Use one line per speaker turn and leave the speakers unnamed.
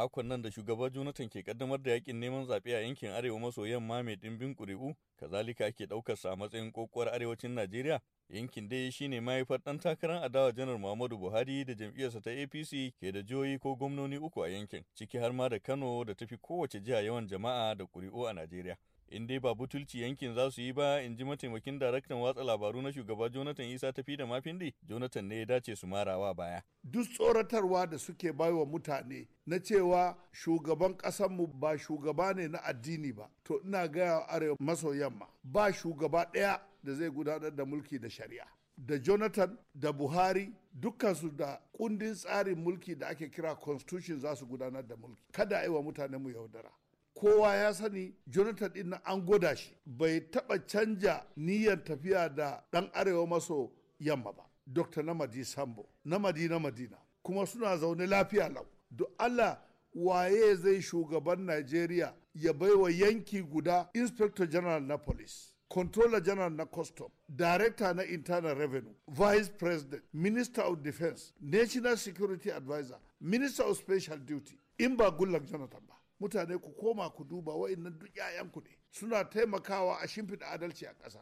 makon nan da shugaba Jonathan ke kaddamar da yakin neman zaɓe a yankin arewa maso yamma mai ɗimbin ƙuri'u, kazalika ake sa a matsayin ƙoƙuwar arewacin Najeriya. Yankin dai shi shine mahaifar ɗan takarar adawa janar Muhammadu Buhari da jam'iyyarsa ta APC ke da jihohi ko gwamnoni uku a yankin, ciki har ma da Kano da tafi kowace jiha yawan jama'a da ƙuri'u a Najeriya. in dai ba butulci yankin za su yi ba in ji mataimakin daraktan watsa labaru na shugaba jonathan isa ta fi da mafindi jonathan ne ya dace su marawa baya
duk tsoratarwa da suke baiwa mutane na cewa shugaban ƙasanmu ba shugaba ne na addini ba to ina gaya arewa maso yamma ba shugaba ɗaya da zai gudanar da mulki da shari'a da jonathan da buhari dukkansu da kundin tsarin mulki da ake kira constitution za su gudanar da mulki kada a yi wa mu yaudara kowa ya sani jonathan din an goda shi bai taba canja niyyar tafiya da dan arewa maso yamma ba dr namadi sambo namadi na madina kuma suna zaune lafiya lau do allah waye zai shugaban nigeria ya baiwa yanki guda inspector general na police controller general na custom director na internal revenue vice president minister of defense national security advisor minister of special duty in ba gullak jonathan ba mutane ku koma ku duba wa'annan duk 'ya'yanku ne suna taimakawa a shimfiɗa adalci a ƙasa